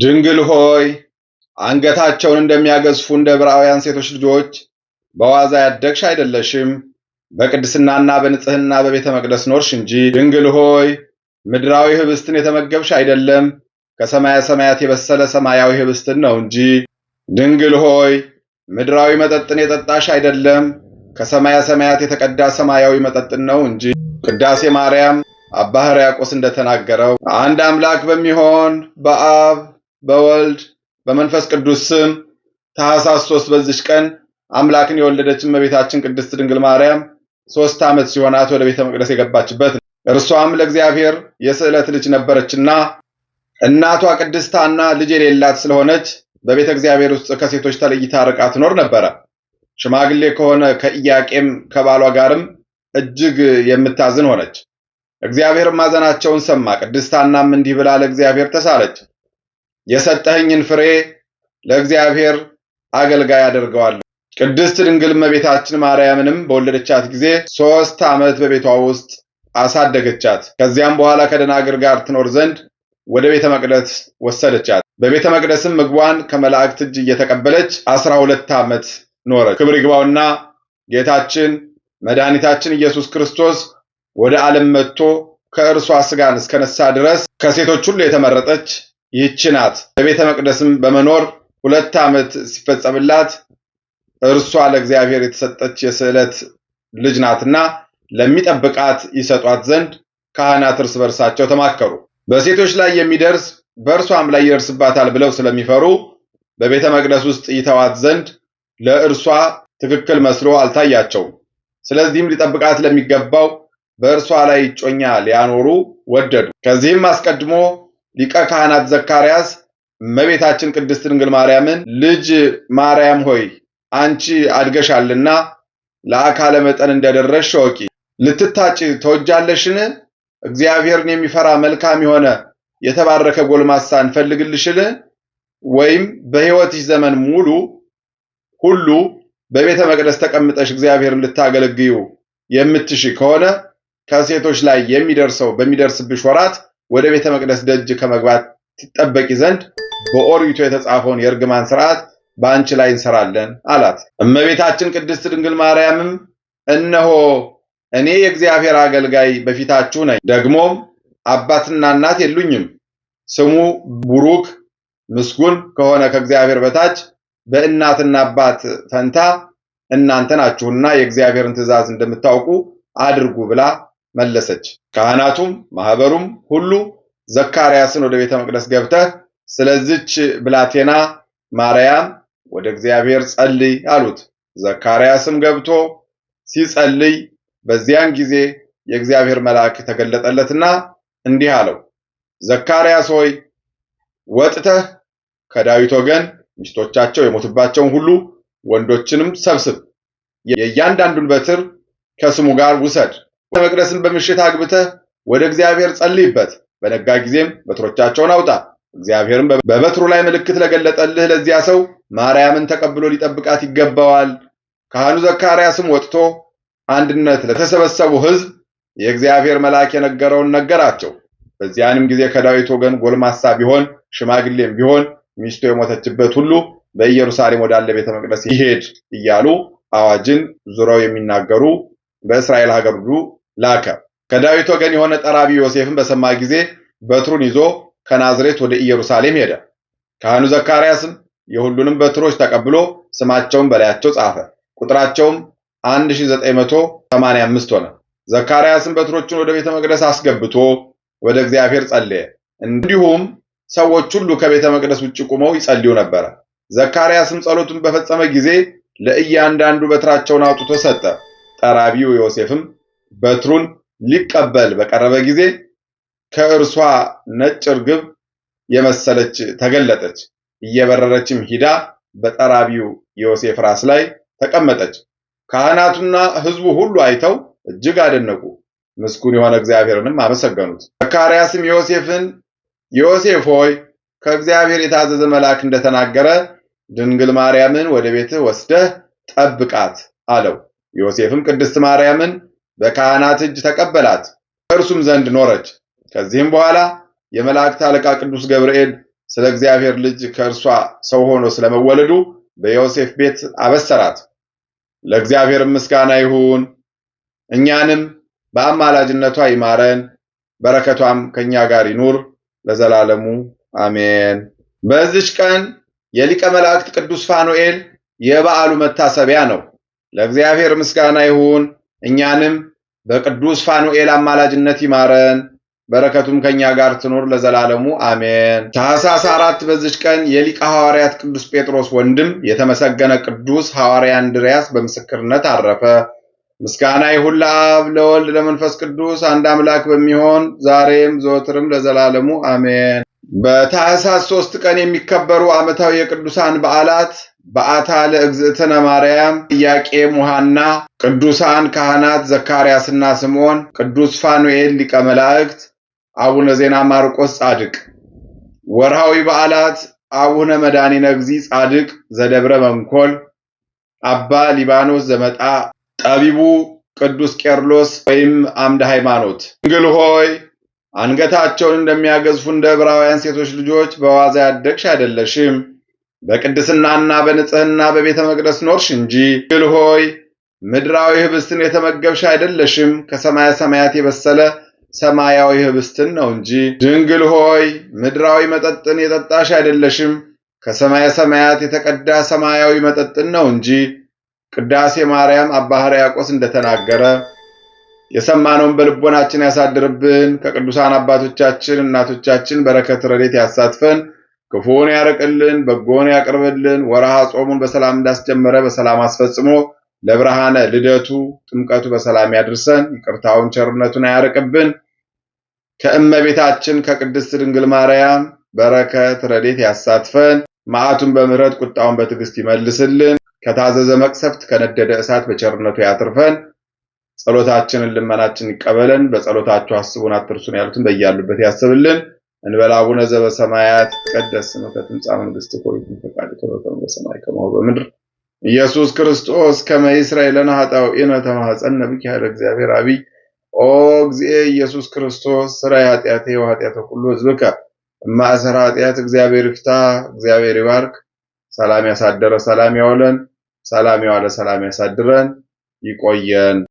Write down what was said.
ድንግል ሆይ አንገታቸውን እንደሚያገዝፉ እንደ ዕብራውያን ሴቶች ልጆች በዋዛ ያደግሽ አይደለሽም፣ በቅድስናና በንጽህና በቤተ መቅደስ ኖርሽ እንጂ። ድንግል ሆይ ምድራዊ ህብስትን የተመገብሽ አይደለም፣ ከሰማያ ሰማያት የበሰለ ሰማያዊ ህብስትን ነው እንጂ። ድንግል ሆይ ምድራዊ መጠጥን የጠጣሽ አይደለም፣ ከሰማያ ሰማያት የተቀዳ ሰማያዊ መጠጥን ነው እንጂ። ቅዳሴ ማርያም አባ ሕርያቆስ እንደተናገረው አንድ አምላክ በሚሆን በአብ በወልድ በመንፈስ ቅዱስ ስም ታኅሳስ ሶስት በዚች ቀን አምላክን የወለደች እመቤታችን ቅድስት ድንግል ማርያም ሶስት ዓመት ሲሆናት ወደ ቤተ መቅደስ የገባችበት እርሷም ለእግዚአብሔር የስዕለት ልጅ ነበረችና እናቷ ቅድስት ሐና ልጅ የሌላት ስለሆነች በቤተ እግዚአብሔር ውስጥ ከሴቶች ተለይታ ርቃ ትኖር ነበረ። ሽማግሌ ከሆነ ከኢያቄም ከባሏ ጋርም እጅግ የምታዝን ሆነች። እግዚአብሔር ማዘናቸውን ሰማ። ቅድስት ሐናም እንዲህ ብላ ለእግዚአብሔር ተሳለች። የሰጠኸኝን ፍሬ ለእግዚአብሔር አገልጋይ አደርገዋለሁ። ቅድስት ድንግል እመቤታችን ማርያምንም በወለደቻት ጊዜ ሦስት ዓመት በቤቷ ውስጥ አሳደገቻት። ከዚያም በኋላ ከደናግር ጋር ትኖር ዘንድ ወደ ቤተ መቅደስ ወሰደቻት። በቤተ መቅደስም ምግቧን ከመላእክት እጅ እየተቀበለች አስራ ሁለት ዓመት ኖረች። ክብር ይግባውና ጌታችን መድኃኒታችን ኢየሱስ ክርስቶስ ወደ ዓለም መጥቶ ከእርሷ ሥጋን እስከነሳ ድረስ ከሴቶች ሁሉ የተመረጠች ይህች ናት። በቤተ መቅደስም በመኖር ሁለት ዓመት ሲፈጸምላት እርሷ ለእግዚአብሔር የተሰጠች የስዕለት ልጅ ናትና ለሚጠብቃት ይሰጧት ዘንድ ካህናት እርስ በርሳቸው ተማከሩ። በሴቶች ላይ የሚደርስ በእርሷም ላይ ይደርስባታል ብለው ስለሚፈሩ በቤተ መቅደስ ውስጥ ይተዋት ዘንድ ለእርሷ ትክክል መስሎ አልታያቸውም። ስለዚህም ሊጠብቃት ለሚገባው በእርሷ ላይ እጮኛ ሊያኖሩ ወደዱ። ከዚህም አስቀድሞ ሊቀ ካህናት ዘካርያስ እመቤታችን ቅድስት ድንግል ማርያምን ልጅ ማርያም ሆይ አንቺ አድገሻልና ለአካለ መጠን እንደደረሽ እወቂ፣ ልትታጭ ተወጃለሽን? እግዚአብሔርን የሚፈራ መልካም የሆነ የተባረከ ጎልማሳ እንፈልግልሽን? ወይም በሕይወትሽ ዘመን ሙሉ ሁሉ በቤተ መቅደስ ተቀምጠሽ እግዚአብሔርን ልታገለግዩ የምትሽ ከሆነ ከሴቶች ላይ የሚደርሰው በሚደርስብሽ ወራት ወደ ቤተ መቅደስ ደጅ ከመግባት ትጠበቂ ዘንድ በኦሪቱ የተጻፈውን የእርግማን ስርዓት በአንቺ ላይ እንሰራለን አላት። እመቤታችን ቅድስት ድንግል ማርያምም እነሆ እኔ የእግዚአብሔር አገልጋይ በፊታችሁ ነኝ፣ ደግሞም አባትና እናት የሉኝም፣ ስሙ ቡሩክ ምስጉን ከሆነ ከእግዚአብሔር በታች በእናትና አባት ፈንታ እናንተ ናችሁና የእግዚአብሔርን ትእዛዝ እንደምታውቁ አድርጉ ብላ መለሰች። ካህናቱም ማህበሩም ሁሉ ዘካርያስን ወደ ቤተ መቅደስ ገብተህ ስለዚች ብላቴና ማርያም ወደ እግዚአብሔር ጸልይ አሉት። ዘካርያስም ገብቶ ሲጸልይ በዚያን ጊዜ የእግዚአብሔር መልአክ ተገለጠለትና እንዲህ አለው፣ ዘካርያስ ሆይ ወጥተህ ከዳዊት ወገን ሚስቶቻቸው የሞቱባቸውን ሁሉ ወንዶችንም ሰብስብ፣ የእያንዳንዱን በትር ከስሙ ጋር ውሰድ መቅደስን በምሽት አግብተህ ወደ እግዚአብሔር ጸልይበት፣ በነጋ ጊዜም በትሮቻቸውን አውጣ። እግዚአብሔርም በበትሩ ላይ ምልክት ለገለጠልህ ለዚያ ሰው ማርያምን ተቀብሎ ሊጠብቃት ይገባዋል። ካህኑ ዘካርያስም ወጥቶ አንድነት ለተሰበሰቡ ሕዝብ የእግዚአብሔር መልአክ የነገረውን ነገራቸው። በዚያንም ጊዜ ከዳዊት ወገን ጎልማሳ ቢሆን ሽማግሌም ቢሆን ሚስቱ የሞተችበት ሁሉ በኢየሩሳሌም ወዳለ ቤተ መቅደስ ይሄድ እያሉ አዋጅን ዙረው የሚናገሩ በእስራኤል ሀገር ሁሉ ላከ። ከዳዊት ወገን የሆነ ጠራቢ ዮሴፍን በሰማ ጊዜ በትሩን ይዞ ከናዝሬት ወደ ኢየሩሳሌም ሄደ። ካህኑ ዘካርያስም የሁሉንም በትሮች ተቀብሎ ስማቸውን በላያቸው ጻፈ። ቁጥራቸውም 1985 ሆነ። ዘካርያስም በትሮቹን ወደ ቤተ መቅደስ አስገብቶ ወደ እግዚአብሔር ጸለየ። እንዲሁም ሰዎች ሁሉ ከቤተ መቅደስ ውጭ ቆመው ይጸልዩ ነበረ። ዘካርያስም ጸሎቱን በፈጸመ ጊዜ ለእያንዳንዱ በትራቸውን አውጥቶ ሰጠ። ጠራቢው ዮሴፍም በትሩን ሊቀበል በቀረበ ጊዜ ከእርሷ ነጭ ርግብ የመሰለች ተገለጠች። እየበረረችም ሂዳ በጠራቢው ዮሴፍ ራስ ላይ ተቀመጠች። ካህናቱና ሕዝቡ ሁሉ አይተው እጅግ አደነቁ፣ ምስጉን የሆነ እግዚአብሔርንም አመሰገኑት። ዘካርያስም ዮሴፍን ዮሴፍ ሆይ ከእግዚአብሔር የታዘዘ መልአክ እንደተናገረ ድንግል ማርያምን ወደ ቤትህ ወስደህ ጠብቃት አለው። ዮሴፍም ቅድስት ማርያምን በካህናት እጅ ተቀበላት፣ እርሱም ዘንድ ኖረች። ከዚህም በኋላ የመላእክት አለቃ ቅዱስ ገብርኤል ስለ እግዚአብሔር ልጅ ከእርሷ ሰው ሆኖ ስለመወለዱ በዮሴፍ ቤት አበሰራት። ለእግዚአብሔር ምስጋና ይሁን፣ እኛንም በአማላጅነቷ ይማረን፣ በረከቷም ከኛ ጋር ይኑር ለዘላለሙ አሜን። በዚች ቀን የሊቀ መላእክት ቅዱስ ፋኑኤል የበዓሉ መታሰቢያ ነው። ለእግዚአብሔር ምስጋና ይሁን እኛንም በቅዱስ ፋኑኤል አማላጅነት ይማረን። በረከቱም ከኛ ጋር ትኖር ለዘላለሙ አሜን። ታኅሳስ አራት በዚች ቀን የሊቀ ሐዋርያት ቅዱስ ጴጥሮስ ወንድም የተመሰገነ ቅዱስ ሐዋርያ እንድርያስ በምስክርነት አረፈ። ምስጋና ይሁን ለአብ ለወልድ ለመንፈስ ቅዱስ አንድ አምላክ በሚሆን ዛሬም ዘወትርም ለዘላለሙ አሜን። በታኅሳስ ሶስት ቀን የሚከበሩ ዓመታዊ የቅዱሳን በዓላት በአታ ለእግዝእትነ ማርያም ኢያቄም ውሃና ቅዱሳን ካህናት ዘካርያስና ስምዖን፣ ቅዱስ ፋኑኤል ሊቀ መላእክት፣ አቡነ ዜና ማርቆስ ጻድቅ። ወርሃዊ በዓላት አቡነ መድኃኒነ እግዚእ ጻድቅ ዘደብረ መንኮል፣ አባ ሊባኖስ ዘመጣ፣ ጠቢቡ ቅዱስ ቄርሎስ ወይም አምደ ሃይማኖት። ድንግል ሆይ አንገታቸውን እንደሚያገዝፉ እንደ ዕብራውያን ሴቶች ልጆች በዋዛ ያደግሽ አይደለሽም በቅድስናና በንጽህና በቤተ መቅደስ ኖርሽ እንጂ ግል ሆይ ምድራዊ ህብስትን የተመገብሽ አይደለሽም፣ ከሰማያ ሰማያት የበሰለ ሰማያዊ ህብስትን ነው እንጂ። ድንግል ሆይ ምድራዊ መጠጥን የጠጣሽ አይደለሽም፣ ከሰማያ ሰማያት የተቀዳ ሰማያዊ መጠጥን ነው እንጂ። ቅዳሴ ማርያም አባ ሕርያቆስ እንደተናገረ የሰማነውን በልቦናችን ያሳድርብን። ከቅዱሳን አባቶቻችን እናቶቻችን በረከት ረዴት ያሳትፈን። ክፉውን ያርቅልን፣ በጎን ያቅርብልን። ወርሃ ጾሙን በሰላም እንዳስጀመረ በሰላም አስፈጽሞ ለብርሃነ ልደቱ ጥምቀቱ በሰላም ያድርሰን። ይቅርታውን ቸርነቱን አያርቅብን። ከእመቤታችን ከቅድስት ድንግል ማርያም በረከት ረዴት ያሳትፈን። መዓቱን በምሕረት ቁጣውን በትዕግስት ይመልስልን። ከታዘዘ መቅሰፍት ከነደደ እሳት በቸርነቱ ያትርፈን። ጸሎታችንን ልመናችን ይቀበለን። በጸሎታችሁ አስቡን አትርሱን ያሉትን በያሉበት ያስብልን። እንበለ አቡነ ዘበሰማያት ይትቀደስ ስምከ ትምጻእ መንግስትከ ወይኩን ፈቃድከ በከመ በሰማይ ከማሁ በምድር ኢየሱስ ክርስቶስ ከመ ይሥረይ ለነ ኃጣውኢነ ተማኅፀነ ብከ ኃይለ እግዚአብሔር አብይ ኦ እግዚእ ኢየሱስ ክርስቶስ ሥራይ ኃጢአቴ ወኃጢአተ ኩሉ ሕዝብከ እማእሰረ ኃጢአት እግዚአብሔር ይፍታ። እግዚአብሔር ይባርክ። ሰላም ያሳደረ ሰላም ያውለን። ሰላም ያዋለ ሰላም ያሳድረን። ይቆየን።